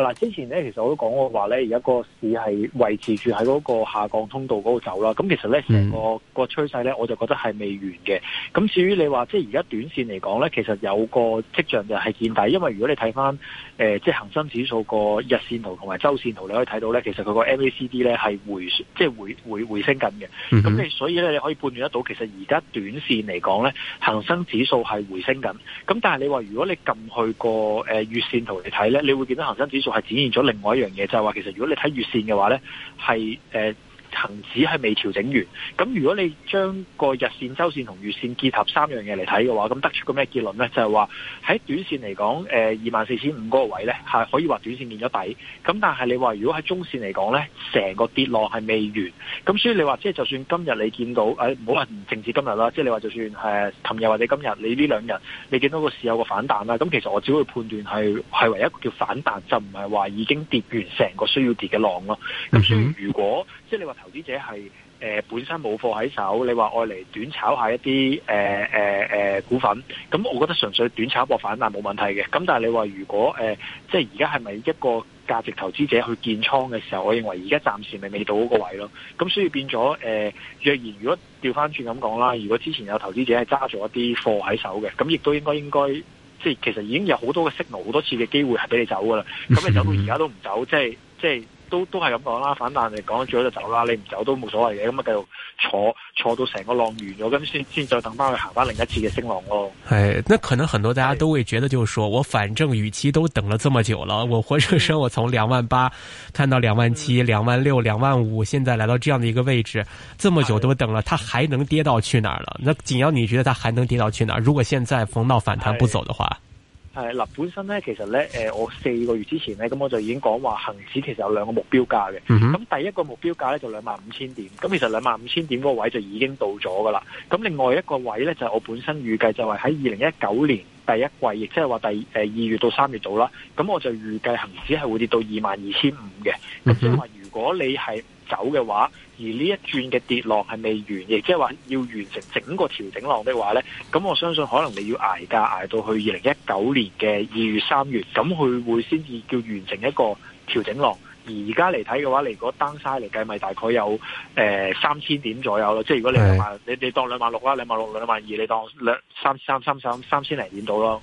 嗱，之前咧，其實我都講過話咧，而家個市係維持住喺嗰個下降通道嗰度走啦。咁其實咧，成個個趨勢咧，我就覺得係未完嘅。咁至於你話，即係而家短線嚟講咧，其實有個跡象就係見底，因為如果你睇翻誒即係恒生指數個日線圖同埋周線圖，你可以睇到咧，其實佢個 MACD 咧係回即係、即係、回回回升緊嘅。咁、mm -hmm. 所以咧，你可以判斷得到，其實而家短線嚟講咧，恒生指數係回升緊。咁但係你話，如果你撳去個誒月線圖嚟睇咧，你會見到恒生指。就係展現咗另外一樣嘢，就係、是、話其實如果你睇月線嘅話咧，係誒。呃恒指係未調整完，咁如果你將個日線、周線同月線結合三樣嘢嚟睇嘅話，咁得出個咩結論呢？就係話喺短線嚟講，誒二萬四千五嗰個位呢係可以話短線見咗底。咁但係你話如果喺中線嚟講呢，成個跌浪係未完。咁所以你話即係就算今日你見到，誒唔好話唔淨止今日啦，即係你話就算誒琴日或者今日，你呢兩日你見到個市有個反彈啦。咁其實我只會判斷係係為一個叫反彈，就唔係話已經跌完成個需要跌嘅浪咯。咁所以如果即係你話投資者係誒、呃、本身冇貨喺手，你話愛嚟短炒一下一啲誒誒誒股份，咁我覺得純粹短炒博反彈冇問題嘅。咁但係你話如果誒、呃、即係而家係咪一個價值投資者去建倉嘅時候，我認為而家暫時未未到嗰個位咯。咁所以變咗誒、呃，若然如果調翻轉咁講啦，如果之前有投資者係揸咗一啲貨喺手嘅，咁亦都應該應該即係其實已經有好多嘅信號，好多次嘅機會係俾你走噶啦。咁你走到而家都唔走，即係即係。都都係咁講啦，反彈嚟講咗就走啦，你唔走都冇所謂嘅，咁啊繼續坐坐到成個浪完咗，咁先先再等翻去行翻另一次嘅升浪咯。誒，那可能很多大家都會覺得就是說，就說我反正預期都等了這麼久了，我活這生我從兩萬八看到兩萬七、兩萬六、兩萬五，現在來到這樣的一個位置，這麼久都等了，它還能跌到去哪兒了？那緊要你覺得它還能跌到去哪兒，如果現在逢到反彈不走的話。係，嗱本身咧，其實咧，誒，我四個月之前咧，咁我就已經講話，恆指其實有兩個目標價嘅。咁、嗯、第一個目標價咧，就兩萬五千點，咁其實兩萬五千點嗰個位就已經到咗噶啦。咁另外一個位咧就是、我本身預計就係喺二零一九年第一季，亦即係話第誒二月到三月度啦。咁我就預計恆指係會跌到二萬二千五嘅。咁即係話。就是如果你係走嘅話，而呢一轉嘅跌浪係未完，亦即係話要完成整個調整浪的話呢，咁我相信可能你要捱價捱到去二零一九年嘅二月三月，咁佢會先至叫完成一個調整浪。而而家嚟睇嘅話，你如果單晒嚟計，咪大概有誒三千點左右咯。即係如果你兩你你當兩萬六啦，兩萬六兩萬二，你當兩三三三三三千零點到咯。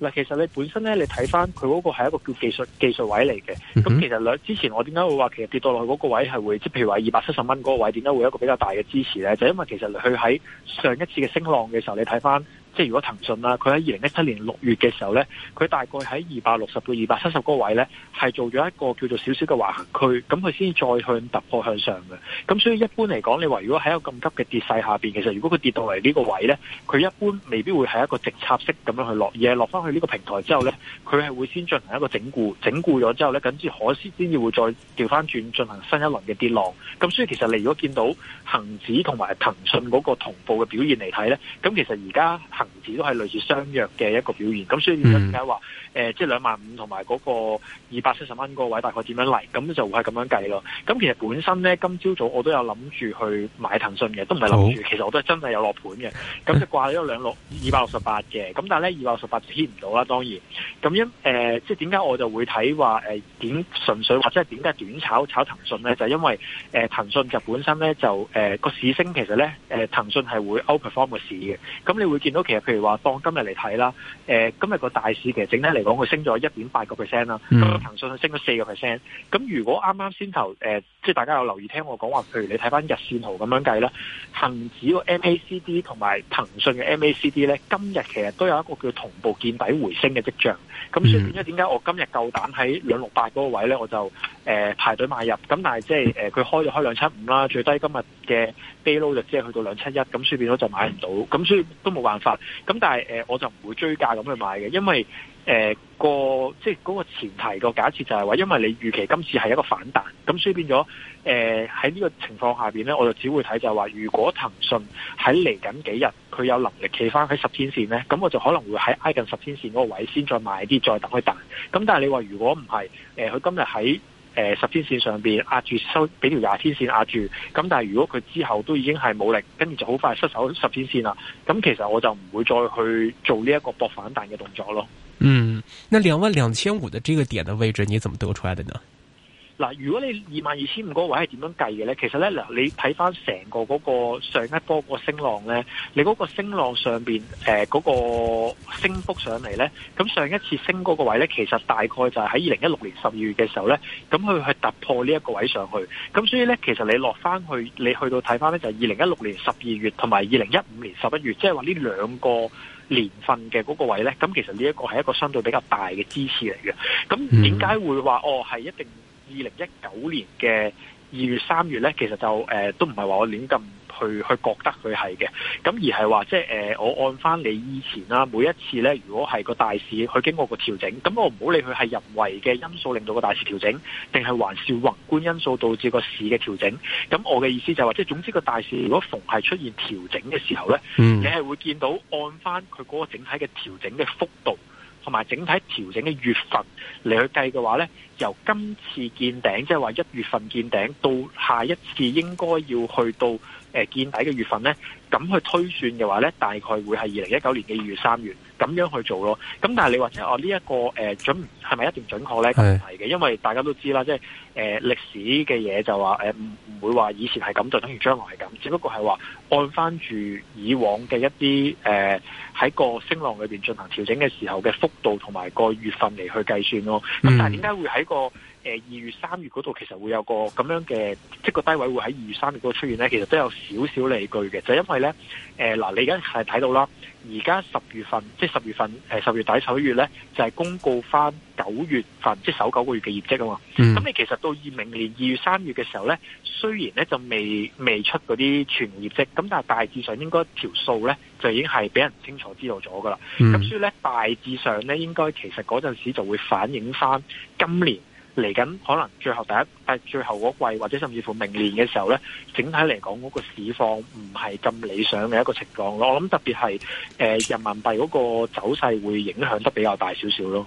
嗱，其實你本身咧，你睇翻佢嗰個係一個叫技術技術位嚟嘅。咁其實之前我點解會話其實跌到落去嗰個位係會，即譬如話二百七十蚊嗰個位點解會有一個比較大嘅支持咧，就因為其實佢喺上一次嘅升浪嘅時候，你睇翻。即係如果騰訊啦，佢喺二零一七年六月嘅時候呢，佢大概喺二百六十到二百七十嗰個位呢，係做咗一個叫做少少嘅橫行區，咁佢先再向突破向上嘅。咁所以一般嚟講，你話如果喺一個咁急嘅跌勢下邊，其實如果佢跌到嚟呢個位呢，佢一般未必會係一個直插式咁樣去落，而係落翻去呢個平台之後呢，佢係會先進行一個整固，整固咗之後呢，緊接可先先至會再調翻轉進行新一輪嘅跌落。咁所以其實你如果見到恒指同埋騰訊嗰個同步嘅表現嚟睇呢，咁其實而家，層次都係類似相約嘅一個表現，咁所以點解話誒，即係兩萬五同埋嗰個二百七十蚊個位，大概點樣嚟？咁就會係咁樣計咯。咁其實本身咧，今朝早我都有諗住去買騰訊嘅，都唔係諗住，其實我都係真係有落盤嘅。咁就掛咗兩六二百六十八嘅，咁 但係咧二百六十八就 hit 唔到啦。當然咁樣誒，即係點解我就會睇話誒點純粹話，或者係點解短炒炒騰訊咧？就係、是、因為誒、呃、騰訊就本身咧就誒個、呃、市升其實咧誒、呃、騰訊係會 outperform 個市嘅，咁你會見到。其實譬如話當今日嚟睇啦，誒、呃、今日個大市其實整體嚟講，佢升咗一點八個 percent 啦。咁騰訊佢升咗四個 percent。咁如果啱啱先頭誒、呃，即係大家有留意聽我講話，譬如你睇翻日線圖咁樣計啦，恒指個 MACD 同埋騰訊嘅 MACD 咧，今日其實都有一個叫同步見底回升嘅跡象。咁所以變咗點解我今日夠膽喺兩六八嗰個位咧，我就誒、呃、排隊買入。咁但係即係誒佢開咗開兩七五啦，最低今日嘅 low 就即係去到兩七一，咁所以變咗就買唔到，咁、mm. 所以都冇辦法。咁但係、呃、我就唔會追價咁去買嘅。因為、呃、個即係嗰個前提個假設就係話，因為你預期今次係一個反彈，咁所以變咗喺呢個情況下邊咧，我就只會睇就係話，如果騰訊喺嚟緊幾日佢有能力企翻喺十天線咧，咁我就可能會喺挨近十天線嗰個位先再買啲，再等佢彈。咁但係你話如果唔係、呃、佢今日喺誒、呃，十天線上邊壓住收，俾條廿天線壓住，咁但係如果佢之後都已經係冇力，跟住就好快失手十天線啦。咁其實我就唔會再去做呢一個搏反彈嘅動作咯。嗯，那兩萬兩千五的這個點的位置，你怎麼得出來的呢？嗱，如果你二萬二千五個位係點樣計嘅呢？其實呢，嗱，你睇翻成個嗰個上一波個升浪呢，你嗰個升浪上面誒嗰、呃嗰個升幅上嚟呢，咁上一次升嗰個位呢，其實大概就係喺二零一六年十二月嘅時候呢，咁佢去突破呢一個位上去，咁所以呢，其實你落翻去，你去到睇翻呢，就係二零一六年十二月同埋二零一五年十一月，即係話呢兩個年份嘅嗰個位呢。咁其實呢一個係一個相對比較大嘅支持嚟嘅。咁點解會話哦係一定？二零一九年嘅二月三月咧，其實就誒、呃、都唔係話我亂咁去去覺得佢係嘅，咁而係話即係誒、呃、我按翻你以前啦，每一次咧，如果係個大市去經過個調整，咁我唔好理佢係人為嘅因素令到個大市調整，定係還是宏觀因素導致個市嘅調整，咁我嘅意思就話、是、即係總之個大市如果逢係出現調整嘅時候咧、嗯，你係會見到按翻佢嗰個整體嘅調整嘅幅度。同埋整體調整嘅月份嚟去計嘅話咧，由今次見頂，即係話一月份見頂，到下一次應該要去到。誒見底嘅月份咧，咁去推算嘅話咧，大概會係二零一九年嘅二月三月咁樣去做咯。咁但係你或者我呢一個誒、呃、準係咪一定準確咧？唔係嘅，因為大家都知啦，即係誒、呃、歷史嘅嘢就話唔、呃、會話以前係咁就等於將來係咁，只不過係話按翻住以往嘅一啲誒喺個升浪裏面進行調整嘅時候嘅幅度同埋個月份嚟去計算咯。咁、嗯、但係點解會喺個？誒二月三月嗰度其實會有個咁樣嘅，即、就是、個低位會喺二月三月嗰度出現咧，其實都有少少理據嘅，就因為咧，誒、呃、嗱，你而家係睇到啦，而家十月份即十月份、呃、十月底十一月咧，就係、是、公告翻九月份即、就是、首九個月嘅業績啊嘛，咁、嗯、你其實到明年二月三月嘅時候咧，雖然咧就未未出嗰啲全業績，咁但係大致上應該條數咧就已經係俾人清楚知道咗噶啦，咁、嗯、所以咧大致上咧應該其實嗰陣時就會反映翻今年。嚟緊可能最後第一，最後嗰季或者甚至乎明年嘅時候咧，整體嚟講嗰個市況唔係咁理想嘅一個情況咯。我諗特別係誒人民幣嗰個走勢會影響得比較大少少咯。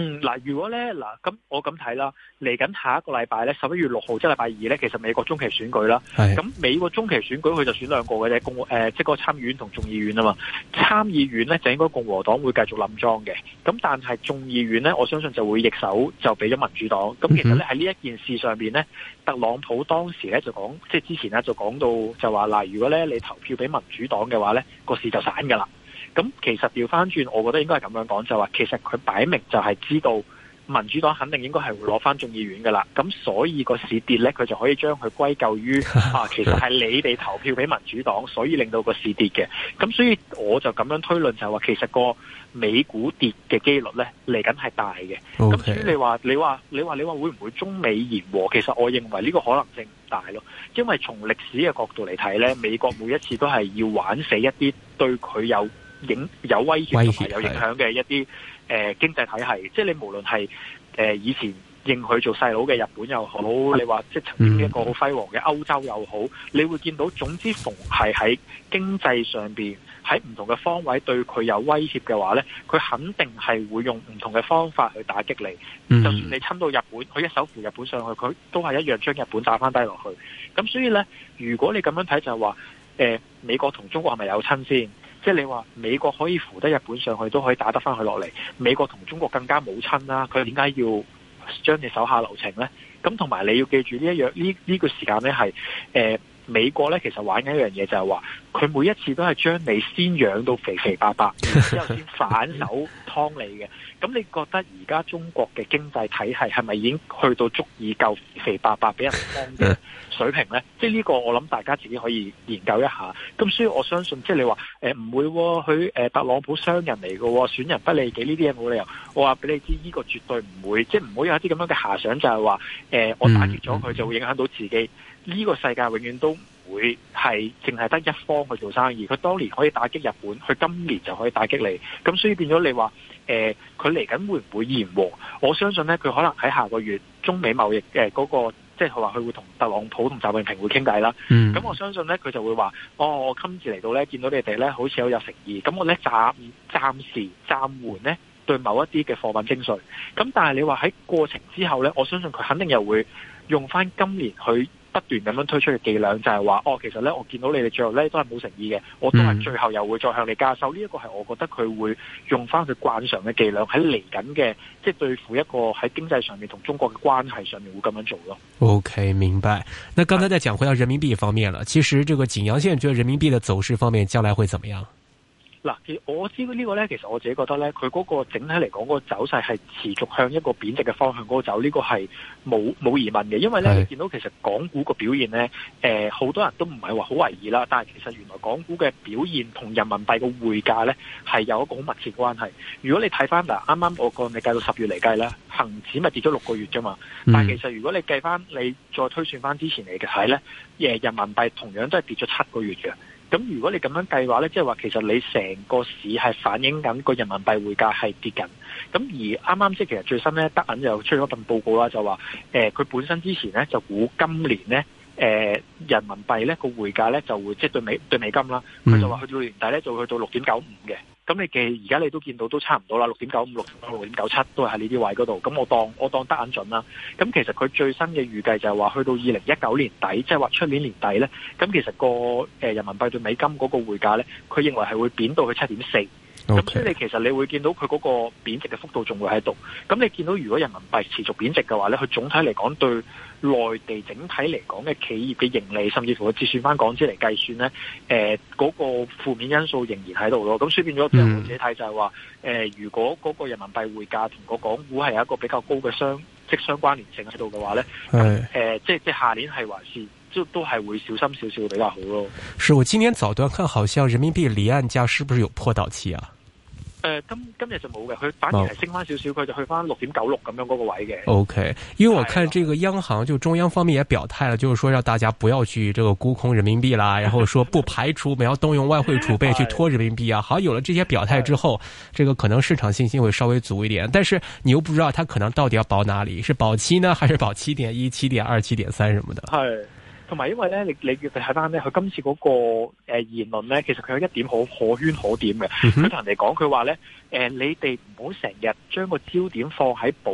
嗯，嗱，如果咧，嗱，咁我咁睇啦，嚟緊下一個禮拜咧，十一月六號即係禮拜二咧，其實美國中期選舉啦，咁美國中期選舉佢就選兩個嘅啫，共、呃、即係個參議院同眾議院啊嘛，參議院咧就應該共和黨會繼續冧莊嘅，咁但係眾議院咧，我相信就會逆手就俾咗民主黨，咁其實咧喺呢一件事上邊咧，特朗普當時咧就講，即係之前咧就講到就話嗱，如果咧你投票俾民主黨嘅話咧，個事就散㗎啦。咁其實調翻轉，我覺得應該係咁樣講，就話其實佢擺明就係知道民主黨肯定應該係會攞翻眾議院噶啦，咁所以個市跌咧，佢就可以將佢歸咎於 啊，其實係你哋投票俾民主黨，所以令到個市跌嘅。咁所以我就咁樣推論，就係話其實個美股跌嘅幾率咧嚟緊係大嘅。咁、okay. 至於你話，你話，你話，你話會唔會中美言和？其實我認為呢個可能性唔大咯，因為從歷史嘅角度嚟睇咧，美國每一次都係要玩死一啲對佢有。影有威脅同埋有影響嘅一啲誒、呃、經濟體系，即係你無論係誒、呃、以前認佢做細佬嘅日本又好，你話即係曾經一個好輝煌嘅歐洲又好，你會見到總之逢係喺經濟上面，喺唔同嘅方位對佢有威脅嘅話呢，佢肯定係會用唔同嘅方法去打擊你。就算你親到日本，佢一手扶日本上去，佢都係一樣將日本打翻低落去。咁所以呢，如果你咁樣睇就係話，誒、呃、美國同中國係咪有親先？即係你話美國可以扶得日本上去，都可以打得返佢落嚟。美國同中國更加冇親啦，佢點解要將你手下留情呢？咁同埋你要記住呢一樣呢，呢個時間呢係誒。呃美國咧其實玩緊一樣嘢，就係話佢每一次都係將你先養到肥肥白白，之後先反手劏你嘅。咁你覺得而家中國嘅經濟體系係咪已經去到足以夠肥肥白白俾人劏嘅水平咧？ 即係呢個我諗大家自己可以研究一下。咁所以我相信，即係你話誒唔會佢、哦呃、特朗普商人嚟嘅喎，損人不利己呢啲嘢冇理由。我話俾你知，呢、這個絕對唔會，即係唔會有一啲咁樣嘅遐想，就係、是、話、呃、我打擊咗佢就會影響到自己。呢個世界永遠都唔會係淨係得一方去做生意。佢當年可以打擊日本，佢今年就可以打擊你。咁所以變咗你話，誒佢嚟緊會唔會緩和？我相信呢，佢可能喺下個月中美貿易誒嗰個，即係佢話佢會同特朗普同習近平會傾偈啦。咁、嗯、我相信呢，佢就會話：哦，我今次嚟到呢，見到你哋呢，好似好有誠意。咁我呢，暫暫時暫緩呢對某一啲嘅貨品徵稅。咁但係你話喺過程之後呢，我相信佢肯定又會用翻今年去。不斷咁樣推出嘅伎倆，就係話哦，其實呢，我見到你哋最後呢都係冇誠意嘅，我都係最後又會再向你加收。呢一個係我覺得佢會用翻佢慣常嘅伎倆喺嚟緊嘅，即係對付一個喺經濟上面同中國嘅關係上面會咁樣做咯。OK，明白。那剛才再講回到人民幣方面啦，其實這個景揚線，你覺得人民幣嘅走勢方面將來會怎麼樣？嗱，其實我知道呢個呢，其實我自己覺得呢，佢嗰個整體嚟講個走勢係持續向一個貶值嘅方向嗰度、嗰個、走，呢、呢個係冇冇疑問嘅。因為呢，你見到其實港股個表現呢，誒、呃、好多人都唔係話好懷疑啦。但係其實原來港股嘅表現同人民幣嘅匯價呢係有一個好密切關係。如果你睇翻嗱，啱、呃、啱我講你計到十月嚟計啦，恒指咪跌咗六個月啫嘛、嗯。但係其實如果你計翻你再推算翻之前嚟嘅睇呢、呃，人民幣同樣都係跌咗七個月嘅。咁如果你咁樣計劃咧，即係話其實你成個市係反映緊個人民幣匯價係跌緊。咁而啱啱即係其實最新咧，德銀又出咗份報告啦，就話誒佢本身之前咧就估今年咧誒、呃、人民幣咧個匯價咧就會即係、就是、對美對美金啦，佢、嗯、就話去到年底咧就會去到六點九五嘅。咁你嘅而家你都見到都差唔多啦，六點九五、六點六、六點九七都係喺呢啲位嗰度。咁我當我當得眼準啦。咁其實佢最新嘅預計就係話，去到二零一九年底，即係話出年年底呢。咁其實個誒人民幣對美金嗰個匯價呢，佢認為係會貶到去七點四。咁所以你其實你會見到佢嗰個貶值嘅幅度仲會喺度。咁你見到如果人民幣持續貶值嘅話咧，佢總體嚟講對內地整體嚟講嘅企業嘅盈利，甚至乎佢折算翻港幣嚟計算咧，嗰、呃那個負面因素仍然喺度咯。咁所以變咗啲人我自己睇就係話、呃，如果嗰個人民幣匯價同個港股係有一個比較高嘅相即相關聯性喺度嘅話咧，誒、哎呃、即即下年係還是，是即都都係會小心少少比較好咯。是我今天早段看，好像人民幣離岸價是不是有破到期啊？今今日就冇嘅，佢反而係升翻少少，佢就去翻六點九六咁樣嗰個位嘅。OK，因為我看這個央行就中央方面也表態了，就是說讓大家不要去這個沽空人民幣啦， 然後說不排除要動用外匯儲備去托人民幣啊。 好，有了這些表態之後， 這個可能市場信心會稍微足一點，但是你又不知道它可能到底要保哪裏，是保七呢，還是保七點一、七點二、七點三什麼的。係。 同埋，因為咧，你你你睇翻咧，佢今次嗰個誒言論咧，其實佢有一點好可圈可點嘅。佢同人哋講，佢話咧，誒，你哋唔好成日將個焦點放喺保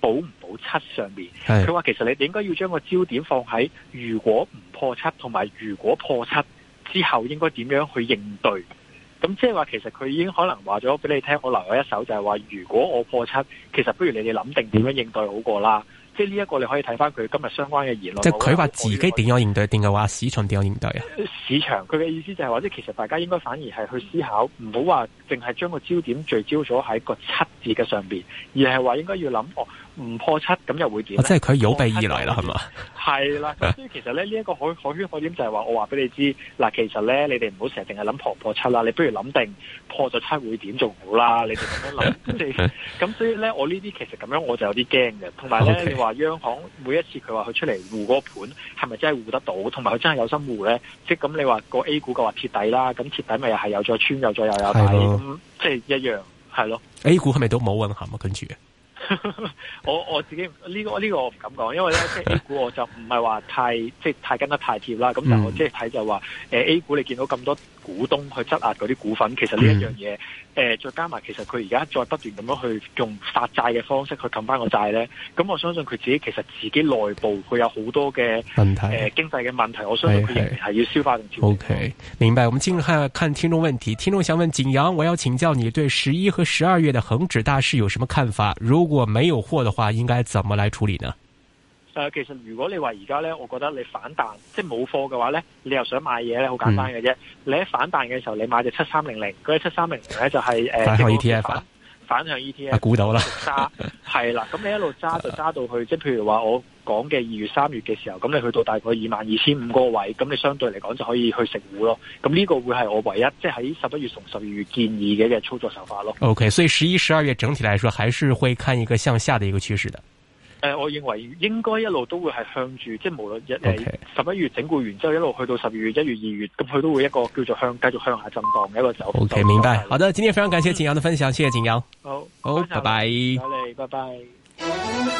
保唔保七上面。佢話其實你，你應該要將個焦點放喺如果唔破七，同埋如果破七之後應該點樣去應對。咁即係話其實佢已經可能話咗俾你聽，我留我一手就係話，如果我破七，其實不如你哋諗定點樣應對好過啦。即係呢一個，你可以睇翻佢今日相關嘅言論。即係佢話自己點樣應對，定係話市場點樣應對啊？市場佢嘅意思就係、是、話，即係其實大家應該反而係去思考，唔好話淨係將個焦點聚焦咗喺個七字嘅上面，而係話應該要諗哦。唔破七咁又會點啊？即係佢有備而嚟啦，係嘛？係啦， 所以其實咧，呢、這、一個海海圈海點就係話，我話俾你知嗱，其實咧，你哋唔好成日淨係諗破破七啦，你不如諗定破咗七會點做好啦，你哋咁樣諗。咁、 嗯、所以咧，我呢啲其實咁樣我就有啲驚嘅，同埋咧，okay. 你話央行每一次佢話佢出嚟護嗰個盤，係咪真係護得到？同埋佢真係有心護咧？即係咁你話個 A 股嘅話鐵底啦，咁鐵底咪又係有再穿又再又有底，即係、就是、一樣係咯。A 股係咪都冇運行啊？跟住？ 我我自己呢個呢個我唔敢講，因為咧即係 A 股我就唔係話太即係太跟得太貼啦。咁但係我即係睇就話，誒 A 股你見到咁多股東去質押嗰啲股份，其實呢一樣嘢。嗯誒、呃，再加埋其實佢而家再不斷咁樣去用發債嘅方式去冚翻個債呢。咁我相信佢自己其實自己內部佢有好多嘅誒、呃、經濟嘅問題，我相信佢仍然係要消化同調整。O K，明白。我們進入下看聽眾問題，聽眾想問景陽，我要請教你對十一和十二月嘅恒指大市有什麼看法？如果沒有貨嘅話，應該怎麼來處理呢？誒，其實如果你話而家咧，我覺得你反彈，即係冇貨嘅話咧，你又想買嘢咧，好簡單嘅啫。嗯、你喺反彈嘅時候，你買隻七三零零，嗰隻七三零零咧就係誒，反向 ETF 反向 ETF，估到啦，揸係啦。咁、啊、 你一路揸就揸到去，即係譬如話我講嘅二月、三月嘅時候，咁你去到大概二萬二千五個位，咁你相對嚟講就可以去食糊咯。咁呢個會係我唯一即係喺十一月同十二月建議嘅嘅操作手法咯。OK，所以十一、十二月整體來說，還是會看一個向下的一個趨勢的。誒、呃，我認為應該一路都會係向住，即係無論一誒十一月整固完之後，一路去到十二月、一月、二月，咁佢都會一個叫做向繼續向下震蕩嘅一個走。O、okay, K，明白。好的，今天非常感謝景揚的分享，謝謝景揚。好，好，拜拜。我嚟，拜拜。